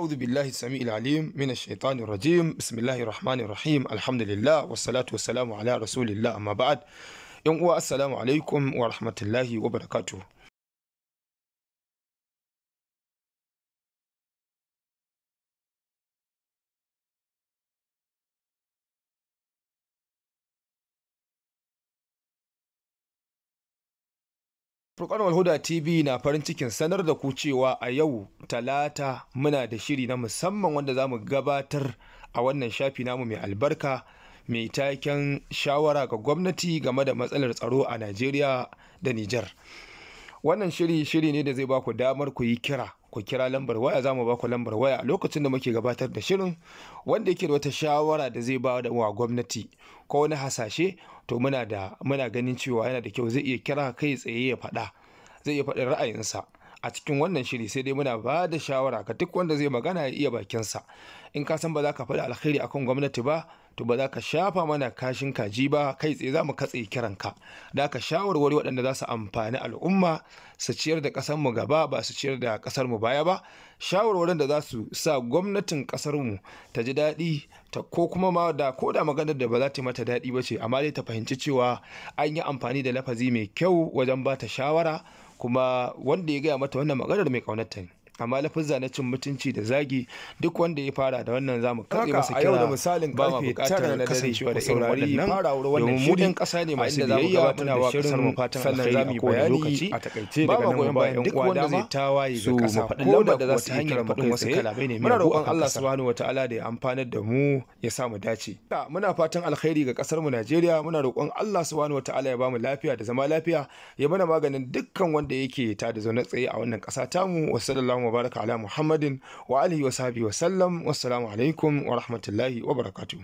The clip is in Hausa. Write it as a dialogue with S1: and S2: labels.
S1: أعوذ بالله السميع العليم من الشيطان الرجيم بسم الله الرحمن الرحيم الحمد لله والصلاة والسلام على رسول الله أما بعد يوم السلام عليكم ورحمة الله وبركاته Furkan Walhuda TV na farin cikin sanar da ku cewa a yau talata muna da shiri na musamman wanda za mu gabatar a wannan shafi namu mai albarka mai taken shawara ga gwamnati game da matsalar tsaro a Najeriya da Nijar. Wannan shiri shiri ne da zai ba ku damar ku yi kira ku kira lambar waya za mu baku lambar waya lokacin da muke gabatar da shirin wanda yake da wata shawara da zai ba da wa gwamnati ko wani hasashe to muna da muna ganin cewa yana da kyau zai iya kira kai tsaye ya faɗa zai iya faɗin ra'ayinsa a cikin wannan shiri sai dai muna ba da shawara ga duk wanda zai magana ya iya bakinsa in ka san ba za ka faɗi alkhairi akan gwamnati ba to ba za ka shafa mana kashin kaji ba kai tsaye za mu katse kiranka da ka shawarwari waɗanda za su amfani al'umma su ciyar da ƙasar mu gaba ba su ciyar da ƙasar mu baya ba shawarwarin da za su sa gwamnatin ƙasar ta ji daɗi ta ko kuma ma da ko da maganar da ba za ta mata daɗi ba ce amma dai ta fahimci cewa an yi amfani da lafazi mai kyau wajen ba ta shawara kuma wanda ya gaya mata wannan maganar mai ƙaunar ta ne amma lafazza na cin mutunci da zagi duk wanda ya fara da wannan zamu katse masa kira da misalin ba ma bukatar na kasancewa da irin waɗannan wuri wannan shirin kasa ne ma inda zamu gabatar da shirin mu fatan alheri a lokaci a takaice daga nan bayan duk wanda zai tawaye ga fadin lamba da za su hanyar fadin wasu kalamai ne muna roƙon Allah subhanahu wataala da ya amfanar da mu ya sa mu dace muna fatan alheri ga kasar mu Najeriya muna roƙon Allah subhanahu wataala ya bamu lafiya da zama lafiya ya mana maganin dukkan wanda yake ta da zaune tsaye a wannan kasa tamu wa sallallahu wa baraka ala Muhammadin wa alihi wa sahbihi wa sallam wassalamu alaikum wa rahmatullahi wa barakatuh